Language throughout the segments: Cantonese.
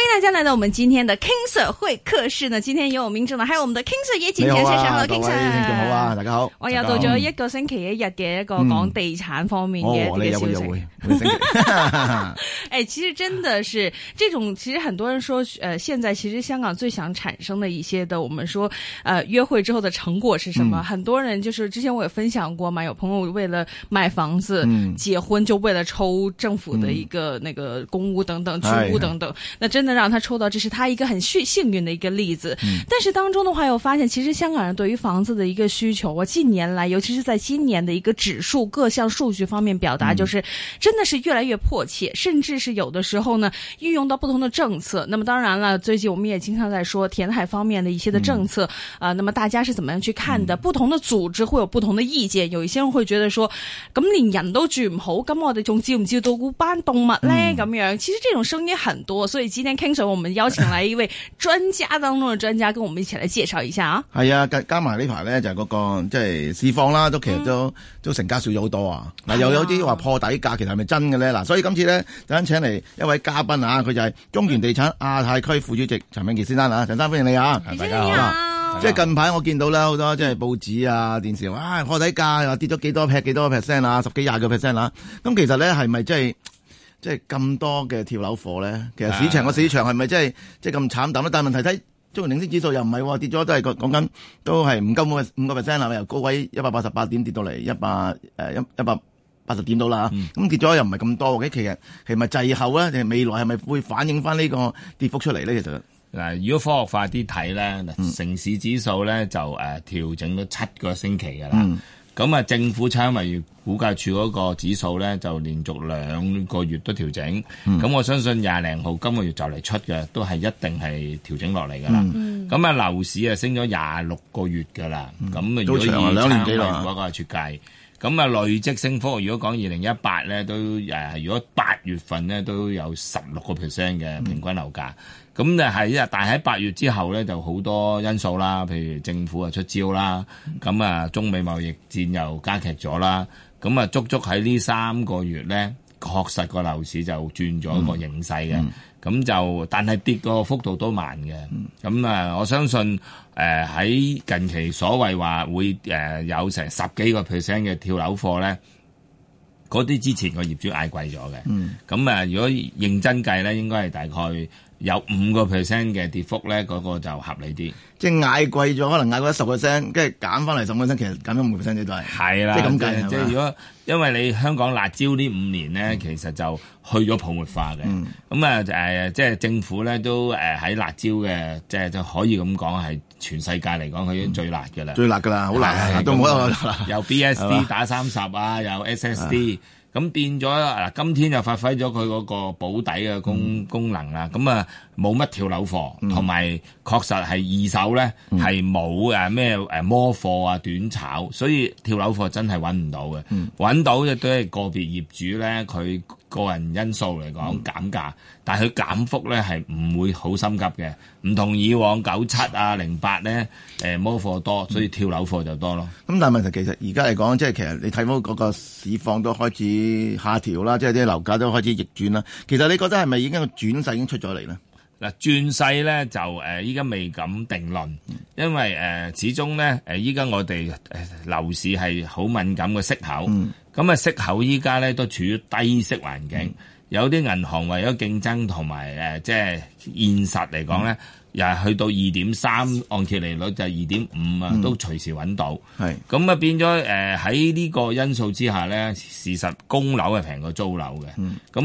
歡迎大家來到我們今天的 KingSir 會客室呢。今天也有民眾呢，還有我們的 KingSir 陳永傑先生。Hello，KingSir 你好啊，大家好。我要到這一個星期一日嘅一個講地產方面嘅一個消息。哎，其實真的是這種，其實很多人說，呃，現在其實香港最想產生的一些的，我們說，呃，約會之後的成果是什麼？很多人就是之前我也分享過嘛，有朋友為了買房子、結婚，就為了抽政府的一個那個公屋等等、居屋等等，那真的。讓他抽到，這是他一個很幸幸運的一個例子。嗯、但是當中的話，又發現其實香港人對於房子的一個需求，我近年來，尤其是在今年的一個指數、各項數據方面表達，嗯、就是真的是越來越迫切，甚至是有的時候呢運用到不同的政策。那麼當然了，最近我們也經常在說填海方面的一些的政策啊、嗯呃。那麼大家是怎麼樣去看的？嗯、不同的組織會有不同的意見，有一些人會覺得說，咁連人都住唔好，咁我哋仲招唔招到嗰班動物咧？咁樣，其實這種聲音很多，所以今天。聽者，我們邀請來一位專家當中嘅專家，跟我們一起來介紹一下啊。係啊，加埋呢排呢，就係、是、嗰、那個即係、就是、市況啦，都其實都、嗯、都成交少咗好多啊。嗱、啊，又有啲話破底價，其實係咪真嘅咧？嗱，所以今次呢，特登請嚟一位嘉賓啊，佢就係中原地產亞太區副主席陳永傑先生啊。陳生，歡迎你啊，你大家好啦。啊、即係近排我見到啦，好多即係報紙啊、嗯、電視、啊，哇，破底價又跌咗幾多 percent、幾多 percent 啦、啊，十幾廿個 percent 啊。咁其實呢，係咪即係？即係咁多嘅跳樓貨咧，其實市場個市場係咪真係即係咁慘淡咧？但係問題睇中原領先指數又唔係喎，跌咗都係講緊都係唔夠五個五個 percent 啦，由高位一百八十八點跌到嚟一百誒一一百八十點到啦，咁跌咗又唔係咁多嘅，啊，其實係咪滯後咧？定未來係咪會反映翻呢個跌幅出嚟咧？其實嗱，如果科學化啲睇咧，嗱，城市指數咧就誒調整咗七個星期噶啦。嗯咁啊，政府差餉估價署嗰個指數咧，就連續兩個月都調整。咁、嗯、我相信廿零號今個月就嚟出嘅，都係一定係調整落嚟㗎啦。咁啊、嗯，樓市啊升咗廿六個月㗎啦。咁、嗯、如果以差餉嗰個出計。咁啊累積升幅，如果講二零一八咧，都誒，如果八月份咧都有十六個 percent 嘅平均樓價，咁就係一，但係喺八月之後咧就好多因素啦，譬如政府啊出招啦，咁啊、嗯、中美貿易戰又加劇咗啦，咁啊足足喺呢三個月咧，確實個樓市就轉咗一個形勢嘅。嗯嗯。咁就，但係跌個幅度都慢嘅。咁啊，我相信誒喺、呃、近期所謂話會誒、呃、有成十幾個 percent 嘅跳樓貨咧，嗰啲之前個業主嗌貴咗嘅。咁啊、嗯，如果認真計咧，應該係大概，有五個 percent 嘅跌幅咧，嗰個就合理啲。即係嗌貴咗，可能嗌過十個 percent，跟住減翻嚟十個 percent，其實減咗五個 percent 啫，都係。係啦，即係咁計。即係如果，因為你香港辣椒呢五年咧，其實就去咗泡沫化嘅。咁啊誒，即係政府咧都誒喺辣椒嘅，即係就可以咁講係全世界嚟講，佢已經最辣嘅啦。最辣㗎啦，好辣都冇有 B S D 打三十啊，有 S S D。咁變咗啦，嗱，今天就發揮咗佢嗰個保底嘅功功能啦。咁啊、嗯，冇乜跳樓貨，同埋、嗯、確實係二手咧，係冇咩誒摸貨啊，短炒，所以跳樓貨真係揾唔到嘅，揾、嗯、到嘅都係個別業主咧，佢。個人因素嚟講減價，嗯、但佢減幅咧係唔會好心急嘅，唔同以往九七啊零八咧，誒摩、呃、貨多，所以跳樓貨就多咯。咁、嗯、但係問題其實而家嚟講，即係其實你睇到嗰個市況都開始下調啦，即係啲樓價都開始逆轉啦。其實你覺得係咪已經個轉勢已經出咗嚟咧？嗱，轉勢咧就誒依家未敢定論，因為誒、呃、始終咧誒依家我哋、呃、樓市係好敏感嘅息口。嗯咁啊，息口依家咧都處於低息環境，有啲銀行為咗競爭同埋誒，即係現實嚟講咧。嗯又係去到二點三按揭利率就係二點五啊，都隨時揾到。係咁啊，變咗誒喺呢個因素之下咧，事實供樓係平過租樓嘅。咁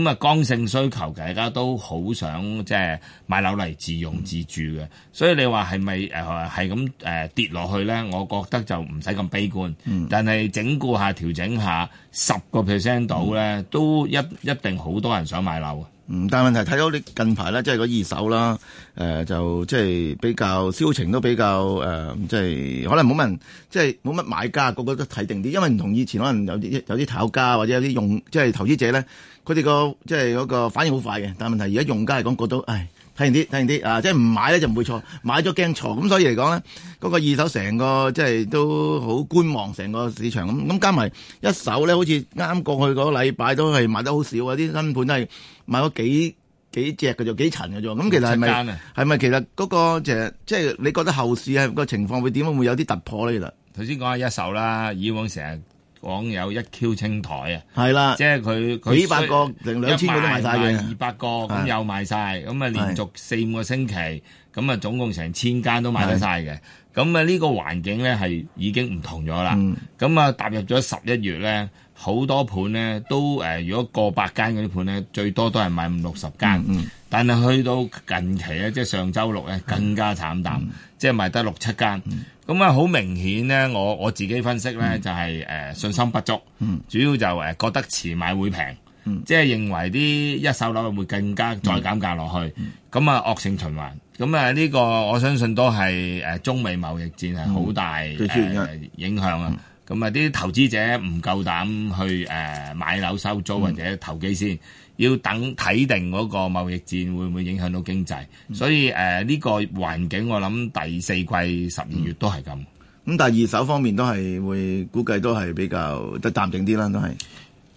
啊、嗯，剛性需求大家都好想即係買樓嚟自用自住嘅，嗯、所以你話係咪誒係咁誒跌落去咧？我覺得就唔使咁悲觀。嗯。但係整固下調整下十個 percent 度咧，嗯、都一一定好多人想買樓啊！嗯，但係問題睇到啲近排咧，即係個二手啦，誒、呃，就即係、就是、比較銷情都比較誒，即、呃、係、就是、可能冇乜人，即係冇乜買家，個個都睇定啲，因為唔同以前可能有啲有啲炒家或者有啲用，即、就、係、是、投資者咧，佢哋、那個即係嗰個反應好快嘅，但係問題而家用家嚟講覺得都，唉。睇完啲，睇完啲啊！即係唔買咧就唔會錯，買咗驚錯。咁所以嚟講咧，嗰個二手成個即係都好觀望，成個市場咁。咁加埋一手咧，好似啱過過去嗰個禮拜都係買得好少啊！啲新盤都係買咗幾幾隻嘅啫，幾層嘅啫。咁其實係咪係咪其實嗰個即係即係你覺得後市係個情況會點樣會，會有啲突破呢？㗎。其實頭先講下一手啦，以往成日。講有一 Q 清台啊，係啦的，即係佢幾百個零雖兩千個都賣晒，嘅，二百個咁又賣晒。咁啊的連續四五個星期，咁啊總共成千間都賣得晒嘅，咁啊呢個環境咧係已經唔同咗啦，咁的啊踏入咗十一月咧，好多盤咧都誒、呃，如果過百間嗰啲盤咧，最多都係賣五六十間。的但係去到近期咧，即係上周六咧，更加慘淡，嗯、即係賣得六七間。咁啊、嗯，好明顯咧，我我自己分析咧，嗯、就係、是、誒、呃、信心不足，嗯、主要就誒覺得遲買會平，嗯、即係認為啲一手樓會更加再減價落去，咁啊、嗯、惡性循環。咁啊，呢個我相信都係誒、呃、中美貿易戰係好大影響啊。咁啊、嗯，啲投資者唔夠膽去誒、呃、買樓收租或者投機先。要等睇定嗰個貿易戰會唔會影響到經濟，嗯、所以誒呢、呃呢個環境我諗第四季十二月都係咁。咁、嗯、但二手方面都係會估計都係比較得淡靜啲啦，都係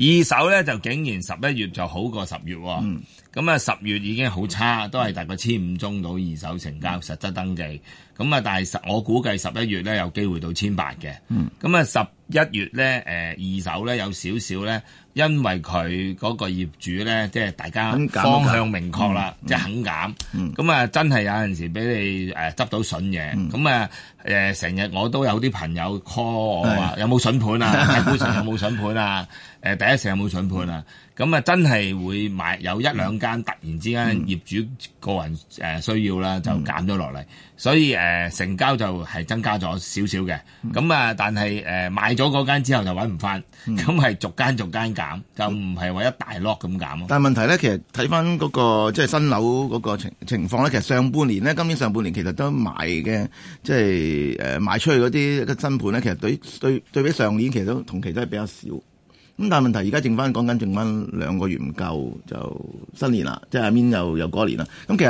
二手呢，就竟然十一月就好過十月喎。咁啊十月已經好差，都係大概千五宗到二手成交實質登記。咁、嗯、啊但係我估計十一月呢，有機會到千八嘅。咁啊十一月呢、呃，二手呢，有少少呢。因為佢嗰個業主咧，即係大家方向明確啦，即係肯減。咁啊，真係有陣時俾你誒執到筍嘢。咁啊，誒成日我都有啲朋友 call 我話：有冇筍盤啊？第二成有冇筍盤啊？誒第一城有冇筍盤啊？咁啊，真係會買。有一兩間突然之間業主個人誒需要啦，就減咗落嚟。所以誒、呃、成交就係增加咗少少嘅，咁啊、嗯嗯、但係誒、呃、買咗嗰間之後就揾唔返，咁係、嗯、逐間逐間減，就唔係為一大 lock 咁減咯。但係問題呢，其實睇返嗰個即係、就是、新樓嗰個情情況呢，其實上半年呢，今年上半年其實都賣嘅，即係誒賣出去嗰啲新盤呢，其實對對對比上年其實都同期都係比較少。咁但係問題，而家剩返講緊剩翻兩個月唔夠就新年啦，即係阿 Min 又又過年啦。咁其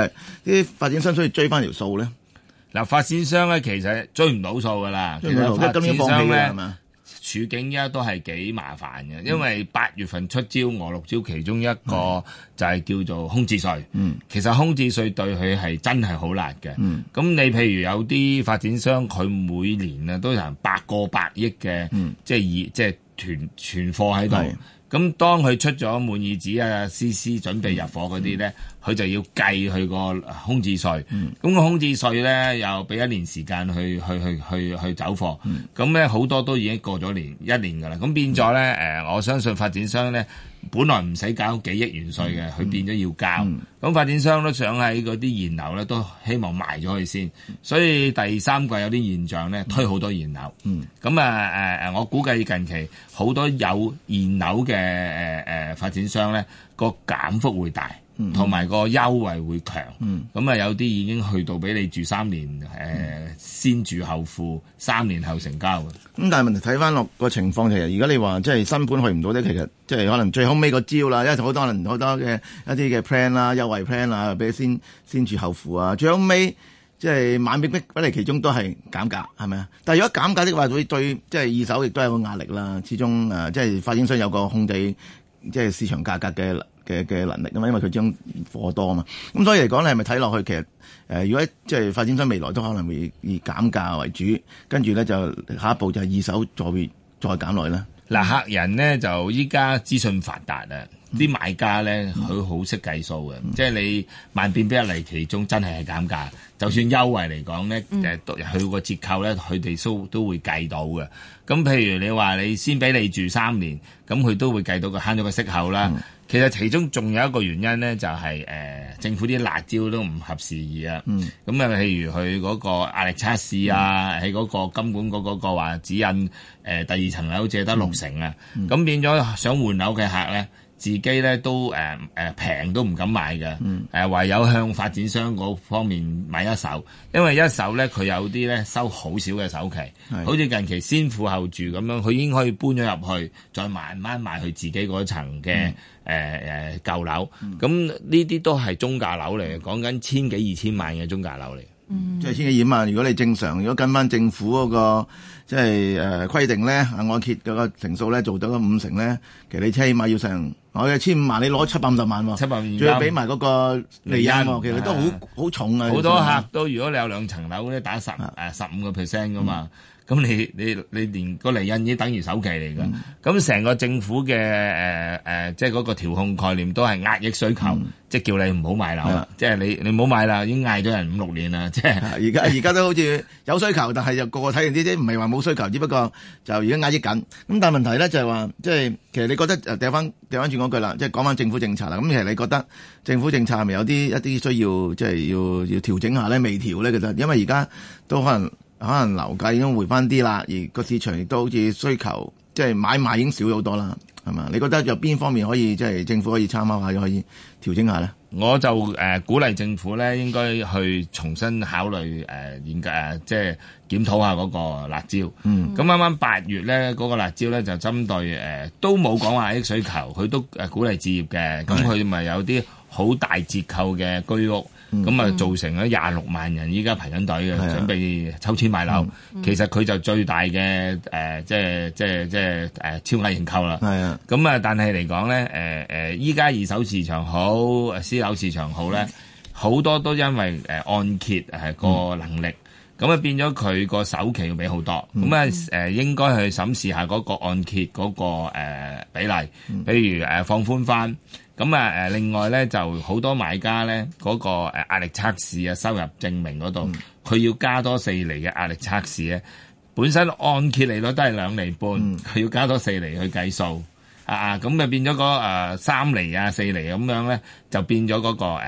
實啲發展商需要追翻條數咧。嗱，發展商咧其實追唔到數噶啦，其實發展商咧處境依家都係幾麻煩嘅，因為八月份出招、我六招其中一個就係叫做空置稅。嗯，其實空置稅對佢係真係好難嘅。嗯，咁你譬如有啲發展商佢每年啊都成百個百億嘅，即、就、係、是、以即係囤存貨喺度。咁當佢出咗滿意紙啊，C C 準備入貨嗰啲呢，佢就要計佢個空置稅。咁個、嗯、空置稅呢，又俾一年時間去、嗯、去去去去走貨。咁呢、嗯，好多都已經過咗年一年噶啦。咁變咗呢、嗯呃，我相信發展商呢。本來唔使交幾億元稅嘅，佢變咗要交。咁發展商都想喺嗰啲現樓咧，都希望賣咗佢先。所以第三季有啲現象咧，推好多現樓。嗯，咁啊誒誒，我估計近期好多有現樓嘅誒誒發展商咧，個減幅會大。同埋、嗯、個優惠會強，咁啊、嗯、有啲已經去到俾你住三年，誒、嗯、先住後付，三年後成交嘅。咁、嗯、但係問題睇翻落個情況，其實而家你話即係新盤去唔到咧，其實即係、就是、可能最後尾個招啦，因為好多人好多嘅一啲嘅 plan 啦、優惠 plan 啊，俾你先先住後付啊。最，最後尾即係買逼逼，不離其中都係減價，係咪啊？但如果減價的話，會對即係、就是、二手亦都有個壓力啦。始終即係、就是、發展商有個控制，即、就、係、是、市場價格嘅。嘅嘅能力啊嘛，因為佢將貨多啊嘛，咁所以嚟講，你係咪睇落去其實誒、呃，如果即係、就是、發展商未來都可能會以減價為主，跟住咧就下一步就係二手再會再減落去咧。嗱，客人咧就依家資訊發達啊，啲買家咧佢好識計數嘅，嗯、即係你萬變不離其中，真係係減價。就算優惠嚟講咧，佢個、嗯、折扣咧，佢哋都都會計到嘅。咁譬如你話你先俾你住三年，咁佢都會計到個慳咗個息口啦。嗯其實其中仲有一個原因咧，就是，就係誒政府啲辣招都唔合時宜啊。咁啊、嗯，譬如佢嗰個壓力測試啊，喺嗰、嗯、個金管嗰個個話指引誒第二層樓借得六成啊，咁、嗯嗯、變咗想換樓嘅客咧。自己咧都誒誒平都唔敢買嘅，誒、嗯、唯有向發展商嗰方面買一手，因為一手咧佢有啲咧收好少嘅首期，是好似近期先付後住咁樣，佢已經可以搬咗入去，再慢慢賣去自己嗰層嘅誒、嗯呃、舊樓。咁呢啲都係中價樓嚟嘅，講緊千幾二千萬嘅中價樓嚟。嗯，即係千幾二萬，如果你正常，如果跟翻政府嗰、那個即係誒、呃、規定咧，按揭嗰個成數咧做到嗰五成咧，其實你車起碼要成。我有千五萬，你攞七百五十萬喎，仲要俾埋嗰個利喎，其實都好好重啊！好多客都，如果你有兩層樓咧，打十誒十五個 percent 噶嘛。咁你你你連個利潤已經等於首期嚟㗎。咁成、嗯、個政府嘅誒誒，即係嗰個調控概念都係壓抑需求，即係、嗯、叫你唔好買樓啦，即係、嗯、你你唔好買啦，已經嗌咗人五六年啦，即係而家而家都好似有需求，但係又個個睇完啲啲，唔係話冇需求，只不過就而家壓抑緊。咁但係問題咧就係、是、話，即係其實你覺得掉翻掉翻轉嗰句啦，即係講翻政府政策啦。咁其實你覺得政府政策係咪有啲一啲需要，即、就、係、是、要要調整下咧，未調咧？其實因為而家都可能。可能樓價已經回翻啲啦，而個市場亦都好似需求即係、就是、買賣已經少咗好多啦，係嘛？你覺得有邊方面可以即係、就是、政府可以參考一下，可以調整一下咧？我就誒、呃、鼓勵政府咧，應該去重新考慮誒，嚴、呃呃、即係檢討一下嗰個辣招。嗯，咁啱啱八月咧，嗰、那個辣招咧就針對誒、呃，都冇講壓抑需求，佢都、呃、鼓勵置業嘅，咁佢咪有啲好大折扣嘅居屋。咁啊，嗯、就造成咗廿六萬人依家排緊隊嘅，準備抽籤買樓。啊、其實佢就最大嘅、呃、即係即係即係、呃、超額認購啦。啊，咁啊，但係嚟講咧，誒依家二手市場好，私樓市場好咧，好多都因為按揭誒個能力，咁啊、嗯、變咗佢個首期要俾好多，咁啊誒應該去審視下嗰個按揭嗰個比例，嗯、比如放寬翻。咁啊另外咧就好多買家咧嗰、那個誒壓力測試啊、收入證明嗰度，佢、嗯、要加多四厘嘅壓力測試啊。本身按揭利率都係兩厘半，佢、嗯、要加多四厘去計數、嗯、啊，咁咪變咗個誒三厘啊、四厘咁樣咧，就變咗嗰、那個誒誒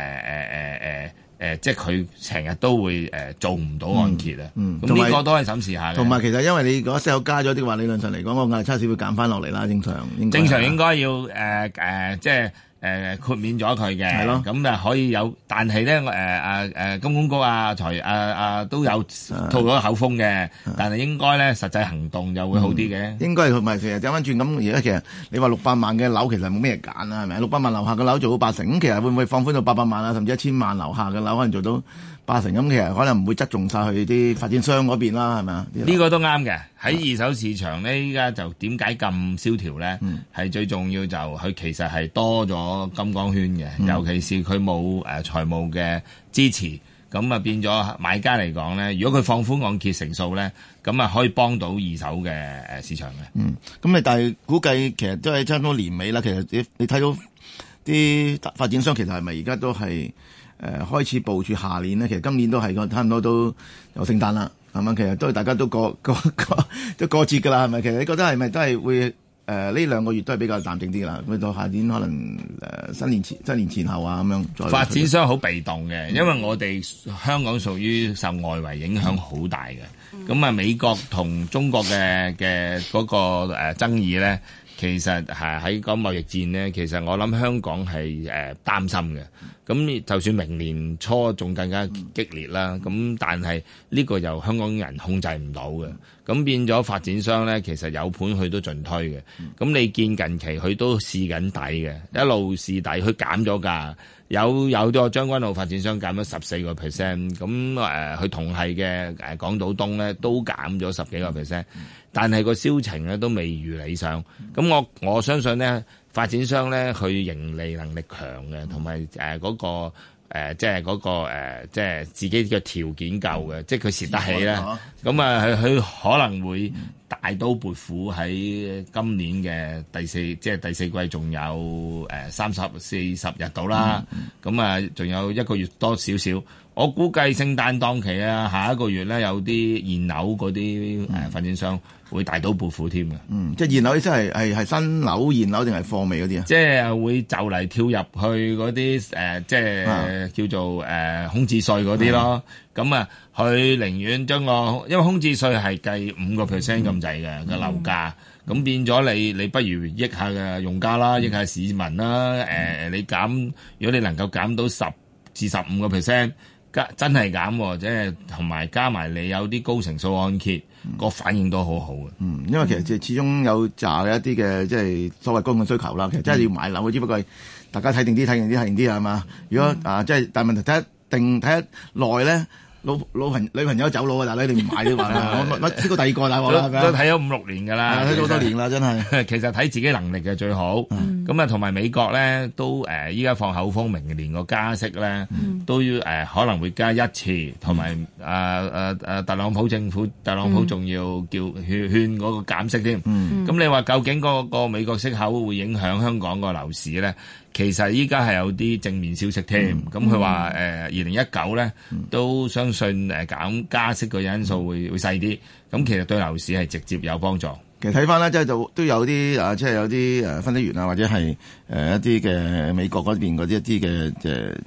誒誒即係佢成日都會誒做唔到按揭啊。咁呢、嗯嗯、個都係審視下同埋其實因為你嗰 sell 加咗啲話，理論上嚟講，個壓力測試會減翻落嚟啦，正常。正常應該，常應該要誒、呃呃呃、即係。誒、呃、豁免咗佢嘅，咁啊係嘅可以有，但係咧誒誒誒金管局啊，財啊啊都有吐咗口風嘅，但係應該咧實際行動就會好啲嘅、嗯。應該佢咪其實轉翻轉咁，而家其實你話六百萬嘅樓其實冇咩揀啦，係咪？六百萬樓下嘅樓做到八成，其實會唔會放寬到八百萬啊？甚至一千萬樓下嘅樓可能做到八成，咁其實可能唔會側重晒去啲發展商嗰邊啦，係咪啊？呢、呢個都啱嘅。喺二手市場咧，依家就點解咁蕭條咧？係、嗯、最重要就佢其實係多咗。金光圈嘅，尤其是佢冇誒財務嘅支持，咁啊變咗買家嚟講咧，如果佢放寬按揭成數咧，咁啊可以幫到二手嘅誒市場嘅、嗯。嗯，咁啊但係估計其實都係差唔多年尾啦。其實你你睇到啲發展商其實係咪而家都係誒、呃、開始部署下年咧？其實今年都係個差唔多都有聖誕啦，係咪？其實都係大家都過過過，過都過節㗎啦，係咪？其實你覺得係咪都係會？誒呢兩個月都係比較淡定啲啦，去到下年可能誒、呃、新年前、新年前後啊咁樣再。發展商好被動嘅，因為我哋香港屬於受外圍影響好大嘅。咁啊、嗯，那美國同中國嘅嘅嗰個誒、呃、爭議咧，其實係喺講貿易戰呢，其實我諗香港係誒擔心嘅。咁就算明年初仲更加激烈啦，咁、嗯、但係呢個由香港人控制唔到嘅，咁變咗發展商咧，其實有盤佢都盡推嘅。咁你見近期佢都試緊底嘅，一路試底，佢減咗價，有有咗將軍澳發展商減咗十四個 percent，咁佢同係嘅港島東咧都減咗十幾個 percent，但係個銷情咧都未如理想。咁我我相信咧。發展商咧，佢盈利能力強嘅，同埋誒嗰個、呃、即係嗰、嗰個、呃、即係自己嘅條件夠嘅，嗯、即係佢蝕得起呢。咁啊，佢佢可能會大刀闊斧喺今年嘅第四，嗯、即係第四季，仲有三十四十日度啦。咁啊、嗯，仲、嗯、有一個月多少少。我估計聖誕檔期啊，下一個月咧有啲現樓嗰啲誒發展商會大刀闊斧添嘅，即係現，現樓，是即係係係新樓現樓定係貨尾嗰啲啊？即係會就嚟跳入去嗰啲誒，即係、呃、叫做誒、呃、空置稅嗰啲咯。咁的啊，佢寧願將個因為空置稅係計五個 percent 咁滯嘅個樓價，咁、嗯、變咗你你不如益一下嘅用家啦，嗯、益一下市民啦。誒、呃，你減如果你能夠減到十至十五個 percent。真係喎，即係同埋加埋你有啲高成數按揭，個、嗯、反應都好好嘅。嗯，因為其實即係始終有揸一啲嘅，即係所謂公共需求啦。嗯、其實真係要買樓只不過大家睇定啲、睇定啲、睇定啲係嘛？如果、嗯、啊，即係但係問題睇一定睇一耐咧。老老朋女朋友走佬啊！但係你唔買啲話啦，我乜呢個第二個啦，都睇咗五六年噶啦，睇咗好多年啦，真係。其實睇自己能力嘅最好。咁啊，同埋美國咧都誒，依家放口風，明年個加息咧都要誒，可能會加一次。同埋啊啊啊，特朗普政府，特朗普仲要叫勸勸嗰個減息添。咁你話究竟嗰個個美國息口會影響香港個樓市咧？其實依家係有啲正面消息添，咁佢話誒二零一九咧都相信誒減加息個因素會、嗯、會細啲，咁其實對樓市係直接有幫助。其實睇翻啦即係就是、都有啲啊，即、就、係、是、有啲誒分析員啊，或者係誒一啲嘅美國嗰邊嗰啲一啲嘅誒，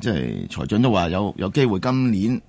即係財長都話有有機會今年。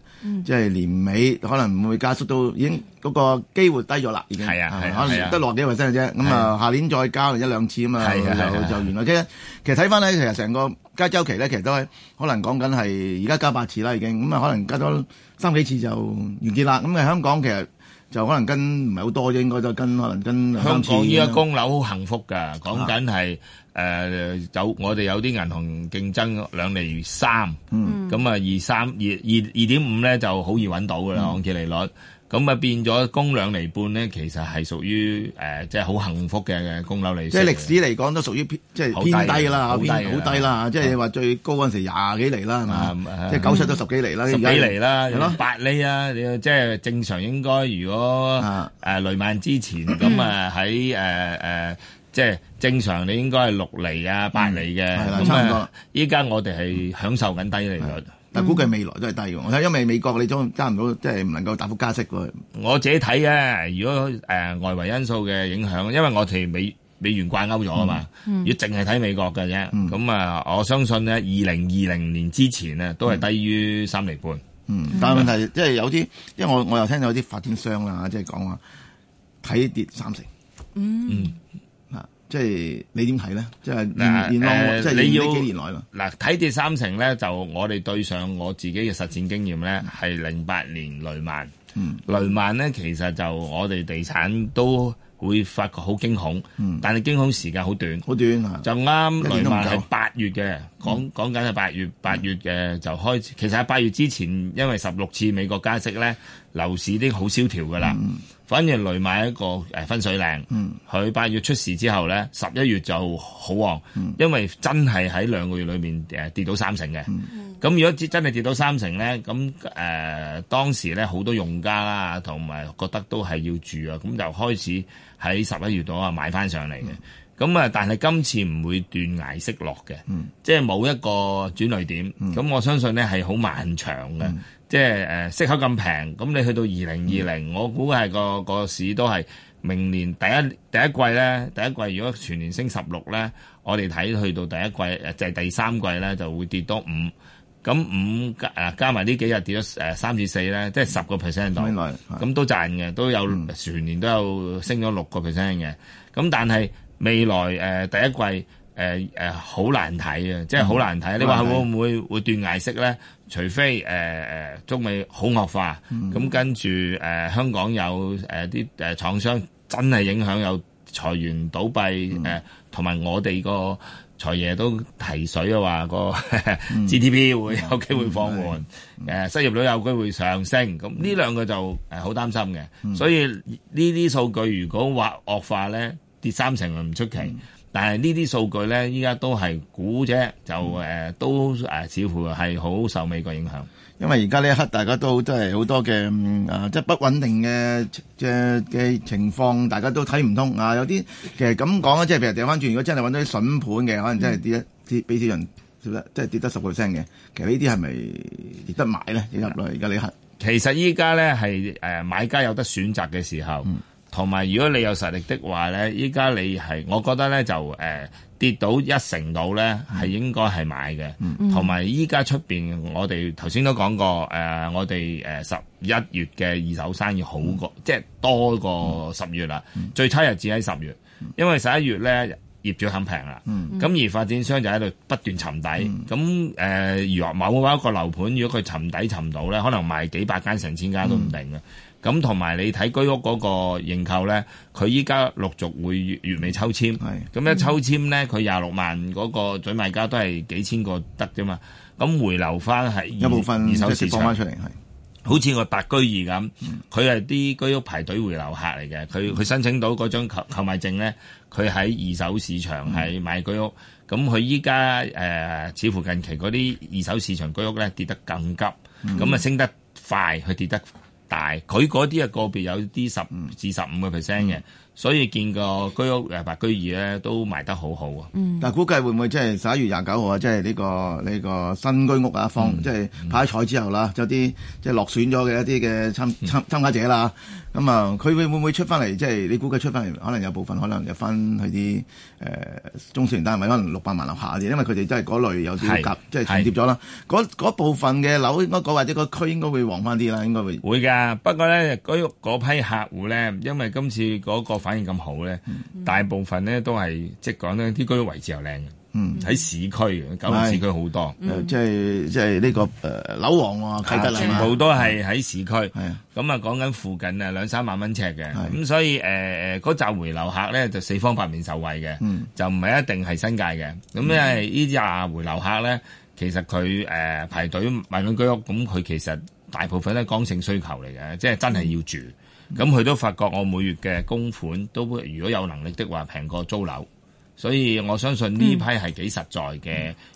即係、嗯、年尾可能唔會加速到已經嗰個機會低咗啦，已經係啊，可能得落幾 percent 嘅啫。咁啊，下年再加一兩次啊嘛，啊就、啊、就原來、啊、其實睇翻咧，其實成個加周期咧，其實都係可能講緊係而家加八次啦，已經咁啊，可能加多三幾次就完結啦。咁、嗯、啊，香港其實。就可能跟唔係好多，應該都跟可能跟香港依家供樓好幸福㗎，講緊係誒，就我哋有啲銀行競爭兩厘三，嗯，咁啊二三二二二點五咧就好易揾到㗎啦，按揭利率。嗯咁啊，變咗供兩厘半咧，其實係屬於誒，即係好幸福嘅供樓利率。即係歷史嚟講都屬於偏，即係偏低啦，好低啦，即係你話最高嗰陣時廿幾厘啦，係嘛？即係九七都十幾厘啦，十幾厘啦，係咯。八厘啊，即係正常應該如果誒雷曼之前咁啊，喺誒誒，即係正常你應該係六厘啊八厘嘅。係啦，差唔多。依家我哋係享受緊低利率。但估計未來都係低嘅，因為美國你都加唔到，即係唔能夠大幅加息我自己睇嘅、啊，如果、呃、外圍因素嘅影響，因為我哋美美元掛鈎咗啊嘛，要淨係睇美國嘅啫。咁啊、嗯，我相信咧，二零二零年之前啊，都係低於三厘半嗯。嗯，但係問題即係有啲，因為我我又聽到有啲發展商啦、啊，即係講話睇跌三成。嗯。即係你點睇咧？即係你要況，即幾年啦。嗱，睇跌三成咧，就我哋對上我自己嘅實戰經驗咧，係零八年雷曼。嗯，雷曼咧其實就我哋地產都會發覺好驚恐。嗯，但係驚恐時間好短，好短就啱雷曼係八月嘅，講講緊係八月，八月嘅就開始。其實喺八月之前，因為十六次美國加息咧。樓市已經好蕭條㗎啦，嗯、反而嚟買一個分水嶺。佢八、嗯、月出事之後呢，十一月就好旺，嗯、因為真係喺兩個月裏面跌到三成嘅。咁、嗯、如果真係跌到三成呢，咁誒、呃、當時呢，好多用家啦，同埋覺得都係要住啊，咁就開始喺十一月度啊買翻上嚟嘅。咁啊、嗯，但係今次唔會斷崖式落嘅，嗯、即係冇一個轉捩點。咁我相信呢係好漫長嘅。嗯即係誒息口咁平，咁你去到二零二零，我估係個個市都係明年第一第一季咧，第一季如果全年升十六咧，我哋睇去到第一季誒就係、是、第三季咧就會跌多五，咁五加誒加埋呢幾日跌咗誒三至四咧，即係十個 percent 度，咁都賺嘅，都有全年都有升咗六個 percent 嘅，咁但係未來誒、呃、第一季。誒好、呃呃、難睇啊，嗯、即係好難睇。你話會唔會會斷崖式咧？的除非誒、呃、中美好惡化，咁、嗯、跟住誒、呃、香港有啲誒廠商真係影響有裁員倒閉，誒同埋我哋個財爺都提水啊！話、嗯、個 GDP 會有機會放緩，誒失業率有機會上升。咁呢兩個就好擔心嘅，嗯、所以呢啲數據如果話惡化咧，跌三成唔出奇。嗯但係呢啲數據咧，依家都係估啫，就誒、嗯呃、都誒、呃、似乎係好受美國影響，因為而家呢一刻大家都真係好多嘅啊，即、嗯、係、呃就是、不穩定嘅嘅嘅情況，大家都睇唔通啊！有啲其實咁講即係譬如掉翻轉，如果真係搵到啲筍盤嘅，可能真係跌一啲俾少人得，即係跌得十個 percent 嘅，其實是是呢啲係咪跌得埋咧？跌入啦！而家你係其實依家咧係誒買家有得選擇嘅時候。嗯同埋，如果你有實力的話呢，依家你係，我覺得呢就誒、呃、跌到一成度呢，係、嗯、應該係買嘅。同埋依家出面，我哋頭先都講過誒、呃，我哋誒十一月嘅二手生意好過，嗯、即係多過十月啦。嗯、最差日子喺十月，嗯、因為十一月呢業主很平啦。咁、嗯、而發展商就喺度不斷沉底。咁誒、嗯，若、呃、某一個樓盤，如果佢沉底沉到呢，可能賣幾百間、成千間都唔定嘅。嗯咁同埋你睇居屋嗰個認購咧，佢依家陸續會月尾抽籤。咁是一抽籤咧，佢廿六萬嗰個準賣家都係幾千個得啫嘛。咁回流翻係一部分二手市場。個出好似個白居二咁，佢係啲居屋排隊回流客嚟嘅。佢佢申請到嗰張購購買證咧，佢喺二手市場係買居屋。咁佢依家誒，似乎近期嗰啲二手市場居屋咧跌得更急，咁啊、嗯、升得快，佢跌得。大佢嗰啲啊，個別有啲十五至十五個 percent 嘅。所以見個居屋白居二咧、啊、都賣得好好啊！嗯、但估計會唔會即係十一月廿九號啊，即係呢個呢、呢個新居屋啊，一方即係派彩之後啦，嗯、就有啲即係落選咗嘅一啲嘅參參加者啦。咁啊，佢會會唔會出翻嚟？即、就、係、是、你估計出翻嚟，可能有部分可能入翻去啲誒中選單位，可能六百萬樓下啲，因為佢哋真係嗰類有啲夾即係是重疊咗啦。嗰是部分嘅樓應該或者個區應該會旺翻啲啦，應該會會㗎。不過咧，居屋嗰批客戶咧，因為今次嗰、嗰個反應咁好咧，嗯、大部分咧都係即係講呢啲居屋位置又靚嘅，喺、嗯、市區，九龍市區好多，即係即係呢個樓王啊，嗯、全部都係喺市區。咁啊、嗯，講緊附近啊兩三萬蚊尺嘅，咁是所以誒嗰集回流客咧就四方八面受惠嘅，嗯、就唔係一定係新界嘅。咁因依啲啊回流客咧，其實佢誒、呃、排隊買緊居屋，咁佢其實大部分都係剛性需求嚟嘅，即、就、係、是、真係要住。嗯咁佢都發覺我每月嘅供款都如果有能力的話，平過租樓，所以我相信呢批係幾實在嘅。嗯嗯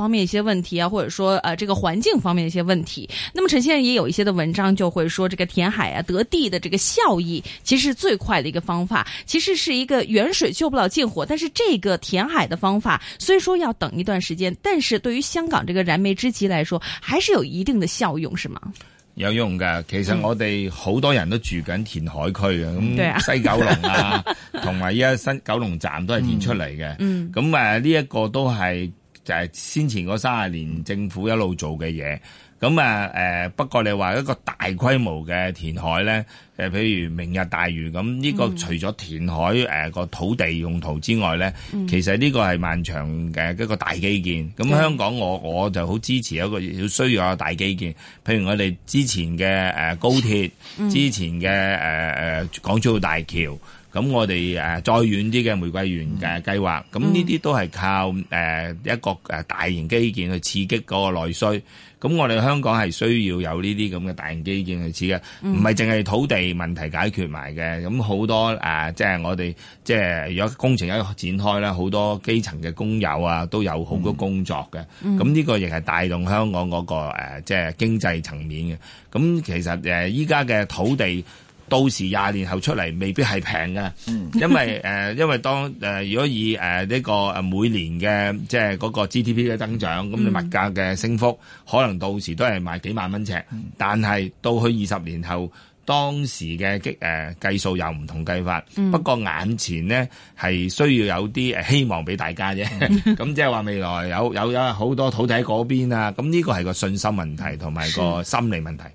方面一些問題啊，或者說呃，這個環境方面的一些問題。那麼陳先生也有一些的文章，就會說這個填海啊，得地的這個效益其實是最快的一個方法，其實是一個遠水救不了近火。但是這個填海的方法雖說要等一段時間，但是對於香港這個燃眉之急來說，還是有一定的效用，是嗎？有用的。其實我哋好多人都住緊填海區啊，咁、嗯、西九龍啊，同埋依家新九龍站都係填出嚟嘅，嗯，咁啊，呢、呃、一、這個都係。就係先前嗰三十年政府一路做嘅嘢，咁啊誒，不過你話一個大規模嘅填海咧，誒，譬如明日大嶼咁，呢個除咗填海誒個土地用途之外咧，嗯、其實呢個係漫長嘅一個大基建。咁香港我我就好支持一個要需要一個大基建，譬如我哋之前嘅誒高鐵，之前嘅誒誒港珠澳大橋。咁我哋再遠啲嘅玫瑰園嘅計劃，咁呢啲都係靠誒一個大型基建去刺激嗰個內需。咁我哋香港係需要有呢啲咁嘅大型基建去刺激，唔係淨係土地問題解決埋嘅。咁好、嗯、多誒，即、就、係、是、我哋即係如果工程一展開啦，好多基層嘅工友啊都有好多工作嘅。咁呢個亦係帶動香港嗰、那個即係、就是、經濟層面嘅。咁其實誒依家嘅土地。到時廿年後出嚟未必係平嘅，嗯、因為誒因為當誒、呃、如果以誒呢個誒每年嘅即係嗰個 GDP 嘅增長，咁你物價嘅升幅，嗯、可能到時都係賣幾萬蚊尺，嗯、但係到去二十年後，當時嘅激誒計數又唔同計法。嗯、不過眼前咧係需要有啲誒希望俾大家啫。咁即係話未來有有有好多土地喺嗰邊啊，咁呢個係個信心問題同埋個心理問題。嗯嗯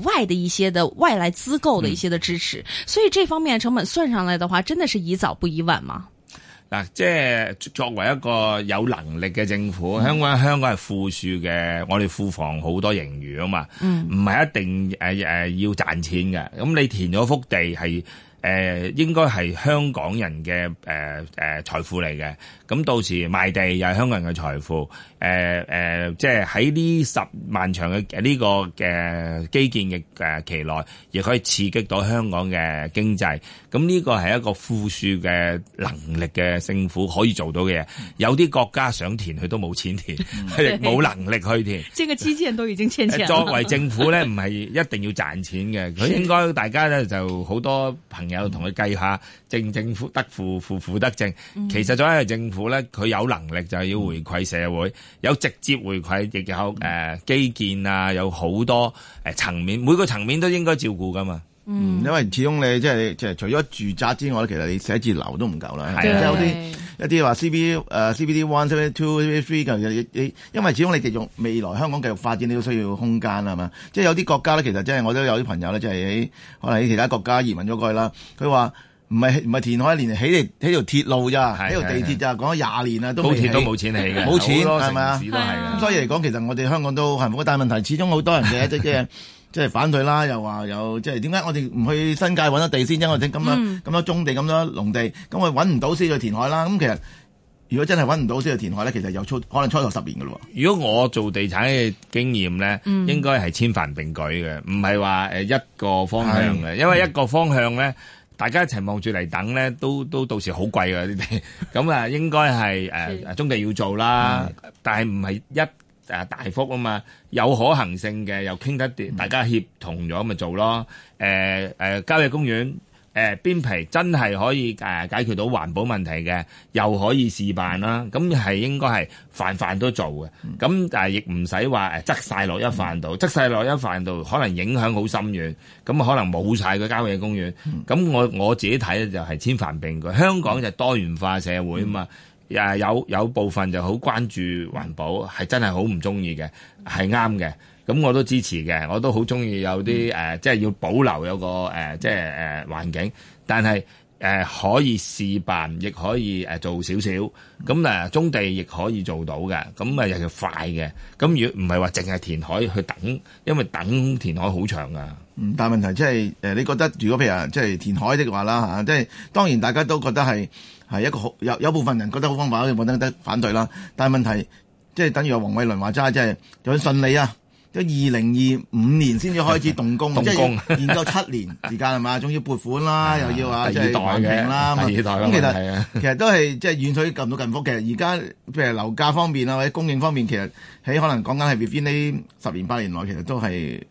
外的一些的外來資構的一些的支持，嗯、所以這方面成本算上來的話，真的是宜早不宜晚嘛。嗱，即係作為一個有能力嘅政府，香港香港係富庶嘅，我哋庫房好多盈餘啊嘛，唔係、嗯、一定誒誒要賺錢嘅。咁你填咗幅地係。誒、呃、應該係香港人嘅誒誒財富嚟嘅，咁到時賣地又係香港人嘅財富。誒、呃、誒、呃、即係喺呢十萬長嘅呢、這個嘅、呃、基建嘅誒期內亦可以刺激到香港嘅經濟，咁呢個係一個富庶嘅能力嘅政府可以做到嘅嘢。有啲國家想填佢都冇錢填，佢冇 能力去填。即係 個資資人都已經黐住。作為政府咧，唔係一定要賺錢嘅，佢應該 大家咧就好多朋友。有同佢計下政政府得負負負得正。其實作為政府咧，佢有能力就係要回饋社會，有直接回饋，亦有誒、呃、基建啊，有好多誒、呃、層面，每個層面都應該照顧噶嘛。嗯，因為始終你即係即係除咗住宅之外，其實你寫字樓都唔夠啦，即係有啲。一啲話 C B 誒 C B D One C B Two C B Three 因為始終你繼續未來香港繼續發展，你都需要空間係嘛？即係有啲國家咧，其實真係我都有啲朋友咧，即係喺可能喺其他國家移民咗過去啦。佢話唔係唔係填海連起嚟起條鐵路咋，起條地鐵咋，講咗廿年啊都冇。高鐵都冇錢起嘅，冇錢係咪？城市都係嘅 所以嚟講，其實我哋香港都係冇乜大問題始終好多人嘅即啲嘅。 即係反對啦，又話又即係點解我哋唔去新界搵得地先？因為咁多咁、嗯、多棕地、咁多農地，咁我搵唔到先去填海啦。咁其實如果真係搵唔到先去填海咧，其實又初可能初頭十年嘅咯。如果我做地產嘅經驗咧，嗯、應該係千帆並舉嘅，唔係話一個方向嘅，的因為一個方向咧，的大家一齊望住嚟等咧，都都到時好貴呢啲地。咁啊，應該係誒棕地要做啦，的但係唔係一。誒大幅啊嘛，有可行性嘅又傾得掂，大家協同咗咪做咯。誒誒郊野公園誒、呃、邊皮真係可以誒解決到環保問題嘅，又可以試辦啦。咁係應該係範範都做嘅。咁、嗯、但係亦唔使話誒擠曬落一範度，擠晒落一範度可能影響好深遠。咁可能冇晒個郊野公園。咁、嗯、我我自己睇咧就係千帆並舉，香港就係多元化社會啊嘛。嗯誒有有部分就好關注環保，係真係好唔中意嘅，係啱嘅。咁我都支持嘅，我都好中意有啲誒、嗯呃，即係要保留有個誒、呃，即係誒、呃、環境。但係誒、呃、可以試辦，亦可以做少少。咁中、啊、地亦可以做到嘅。咁啊又快嘅。咁如果唔係話淨係填海去等，因為等填海好長㗎。但係問題即係、就是、你覺得如果譬如啊，即係、就是、填海的話啦嚇，即係當然大家都覺得係。係一個好有有部分人覺得好方法，有冇等得反對啦？但係問題即係、就是、等於黃偉倫話齋，即係順利啊！即二零二五年先至開始動工，即係研究七年時間係嘛？仲 要撥款啦，啊、又要話即係環評啦。咁吧其實是的其實都係即係遠水撳到近火嘅。而家譬如樓價方面啊，或者供應方面，其實喺可能講緊係 within 十年八年內，其實都係。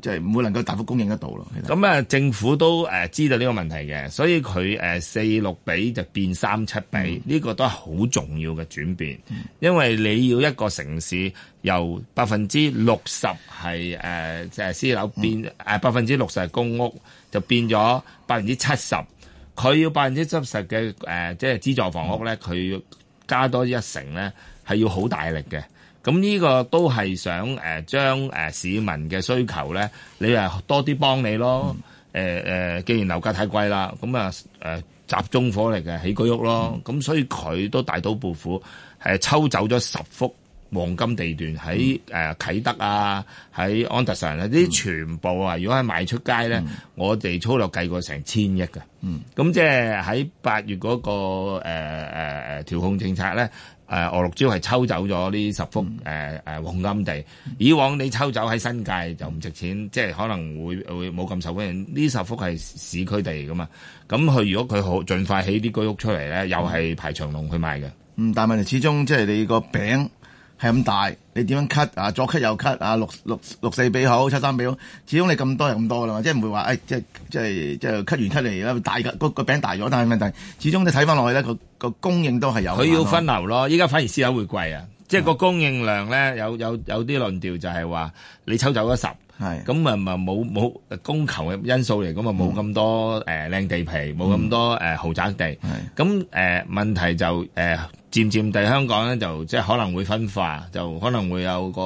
就係唔會能夠大幅供應得到咯。咁啊，政府都誒、呃、知道呢個問題嘅，所以佢誒、呃、四六比就變三七比，呢、嗯、個都係好重要嘅轉變。嗯、因為你要一個城市由百分之六十係誒誒私樓變誒、嗯呃、百分之六十係公屋，就變咗百分之七十。佢要百分之七十嘅誒即係資助房屋咧，佢、嗯、要加多一成咧，係要好大力嘅。咁呢個都係想、呃、將、呃、市民嘅需求咧，你係多啲幫你咯。嗯呃、既然樓價太貴啦，咁啊、呃、集中火力嘅起居屋咯。咁、嗯嗯、所以佢都大刀闊斧，係、呃、抽走咗十幅黃金地段喺、嗯呃、啟德啊，喺安達臣啊，啲全部啊，如果係賣出街咧，嗯、我哋粗略計過成千億嘅。咁、嗯、即係喺八月嗰、嗰個誒誒、呃呃、調控政策咧。誒、呃，我六招係抽走咗呢十幅誒誒、嗯呃、黃金地，以往你抽走喺新界就唔值錢，即係可能會會冇咁受歡迎。呢十幅係市區地噶嘛，咁佢如果佢好盡快起啲居屋出嚟咧，又係排長龍去賣嘅。嗯，但係問題始終即係你個餅係咁大，你點樣 cut 啊？左 cut 右 cut 啊！六六六四比好，七三比好，始終你咁多係咁多啦嘛，即係唔會話誒，即係即係即係 cut 完 cut 嚟啦，大個個餅大咗，但係問題始終你睇翻落去咧，個個供應都係有。佢要分流咯，依家反而私樓會貴啊！即係個供應量咧，有有有啲論調就係話你抽走咗十，咁啊唔係冇冇供求嘅因素嚟，咁啊冇咁多誒、嗯呃、靚地皮，冇咁多誒、呃、豪宅地，咁誒、嗯呃、問題就誒、呃、漸漸地香港咧就即係可能會分化，就可能會有個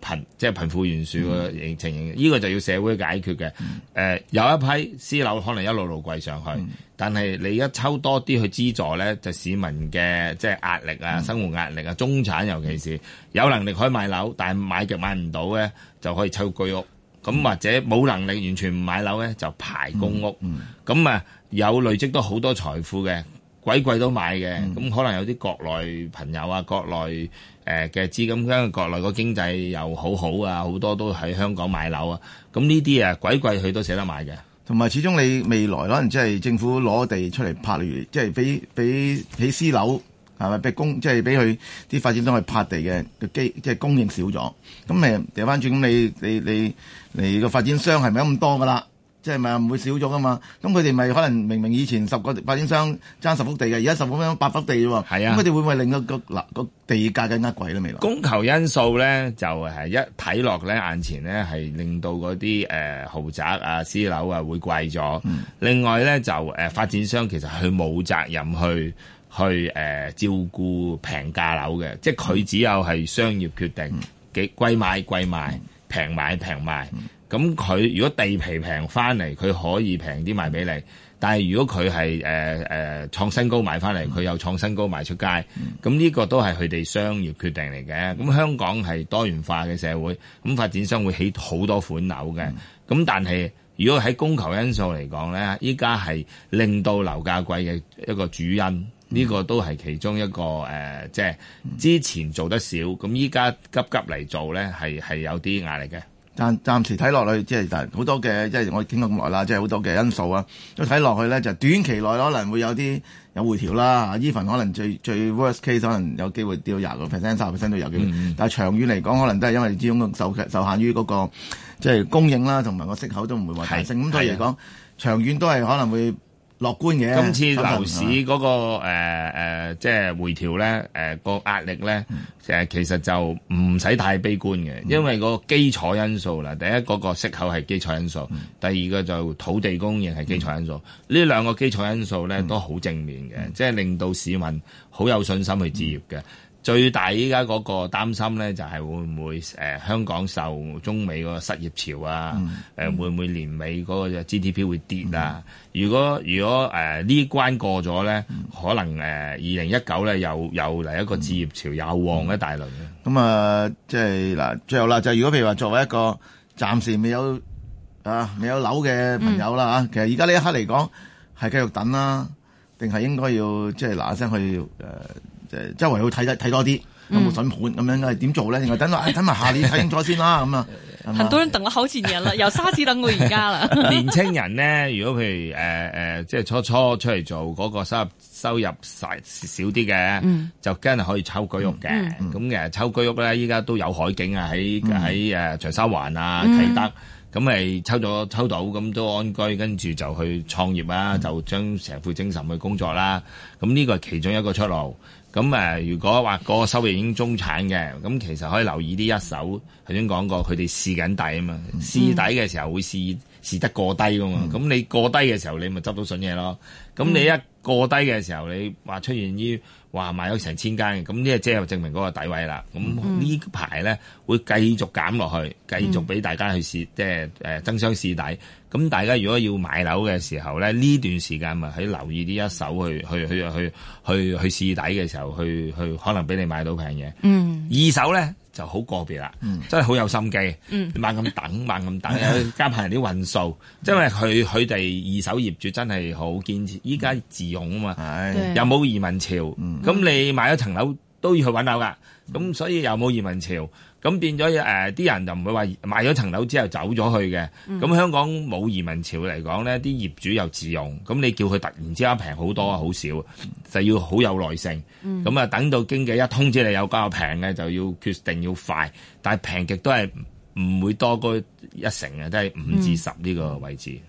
貧即係貧富懸殊嘅情形，呢、嗯、個就要社會解決嘅。誒、嗯呃、有一批私樓可能一路路貴上去。嗯但係你一抽多啲去資助咧，就市民嘅即係壓力啊，生活壓力啊，中產尤其是有能力可以買樓，但係買極買唔到咧，就可以抽居屋。咁或者冇能力完全唔買樓咧，就排公屋。咁啊，有累積都好多財富嘅，鬼貴都買嘅。咁可能有啲國內朋友啊，國內誒嘅資金，因為國內個經濟又好好啊，好多都喺香港買樓啊。咁呢啲啊，鬼貴佢都捨得買嘅。同埋，始終你未來可能即係政府攞地出嚟拍，例如即係俾俾起私樓，係咪俾供？即係俾佢啲發展商去拍地嘅嘅基，即係、就是、供應少咗。咁你掉翻轉，咁你你你你個發展商係咪咁多㗎啦？即係咪唔會少咗㗎嘛？咁佢哋咪可能明明以前十個發展商爭十幅地嘅，而家十個咁樣八幅地咯喎。係啊，咁佢哋會唔會令到個嗱個地價更加貴咧？未來供求因素咧就係一睇落咧眼前咧係令到嗰啲誒豪宅啊私樓啊會貴咗。另外咧就誒發展商其實佢冇責任去去誒照顧平價樓嘅，即係佢只有係商業決定，幾貴買貴賣，平買平賣。咁佢如果地皮平翻嚟，佢可以平啲賣俾你。但係如果佢係誒誒創新高賣翻嚟，佢又創新高賣出街。咁呢、嗯、個都係佢哋商業決定嚟嘅。咁香港係多元化嘅社會，咁發展商會起好多款樓嘅。咁、嗯、但係如果喺供求因素嚟講呢，依家係令到樓價貴嘅一個主因。呢、嗯、個都係其中一個誒，即、呃、係、就是、之前做得少，咁依家急急嚟做呢，係係有啲壓力嘅。暫暫時睇落去，即係但好多嘅，即係我哋傾咗咁耐啦，即係好多嘅因素啊。都睇落去咧，就是、短期內可能會有啲有回調啦。Even 可能最最 worst case，可能有機會掉廿個 percent、三十 percent 都有嘅。嗯嗯但係長遠嚟講，可能都係因為之終始終受受限於嗰、那個即係、就是、供應啦，同埋個息口都唔會話提升。咁是所以嚟講，的長遠都係可能會。樂觀嘅，今次樓市嗰、嗰個誒、啊呃呃、即係回調咧，誒、呃、個壓力咧，嗯、其實就唔使太悲觀嘅，嗯、因為個基礎因素啦，第一個個息口係基礎因素，第二、嗰個就土地供應係基礎因素，呢兩個基礎因素咧都好正面嘅，嗯、即係令到市民好有信心去置業嘅。嗯最大依家嗰個擔心咧，就係、係、會唔會、呃、香港受中美個失業潮啊？嗯、會唔會年尾嗰個 GDP 會跌啊？嗯、如果如果誒呢、呃、關過咗咧，嗯、可能誒二零一九咧又又嚟一個置業潮又旺一大輪。咁啊，即係嗱，最後啦，就係、如果譬如話作為一個暫時未有啊未有樓嘅朋友啦、嗯、其實而家呢一刻嚟講係繼續等啦，定係應該要即係嗱聲去誒？呃周圍要睇得睇多啲有冇筍盤咁樣咧？點做咧？哎、你話等等埋下年睇清楚先啦咁啊！ 樣很多人等咗好幾年啦， 由沙士等到而家啦。 年青人咧，如果譬如誒誒、呃呃，即係初初出嚟做嗰個收入收入少少啲嘅，嗯、就梗係可以抽居屋嘅。咁誒，抽居屋咧，依家都有海景啊，喺喺誒長沙灣啊啟德咁咪抽咗抽到咁都安居，跟住就去創業啦，嗯、就將成副精神去工作啦。咁呢個係其中一個出路。咁如果話個收益已經中產嘅，咁其實可以留意呢一手，頭先講過佢哋試緊底啊嘛，試底嘅時候會試,試得過低噶嘛，咁、嗯、你過低嘅時候你咪執到筍嘢咯。咁你一過低嘅時候，你話出現於話買咗成千間嘅，咁呢？即係證明嗰個底位啦。咁呢排咧會繼續減落去，繼續俾大家去試，即、呃、係增爭相試底。咁大家如果要買樓嘅時候咧，呢段時間咪喺留意呢一手去去去去去去試底嘅時候，去去可能俾你買到平嘢。嗯，二手咧就好個別啦，嗯、真係好有心機，嗯、慢咁等，慢咁等，嗯、加埋啲運數。嗯、因為佢佢哋二手業主真係好堅持，依家自用啊嘛，對又冇移民潮，咁、嗯、你買咗層樓都要去揾樓噶，咁所以又冇移民潮。咁變咗啲、呃、人就唔會話賣咗層樓之後走咗去嘅。咁、嗯、香港冇移民潮嚟講咧，啲業主又自用，咁你叫佢突然之間平好多啊，好少，嗯、就要好有耐性。咁啊、嗯，等到經紀一通知你有較平嘅，就要決定要快。但平極都係唔會多過一成嘅，都係五至十呢個位置。嗯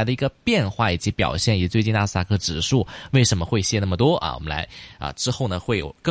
它的一個變化以及表現，以及最近納斯達克指數為什麼會瀉那麼多啊？我們來啊，之後呢會有更。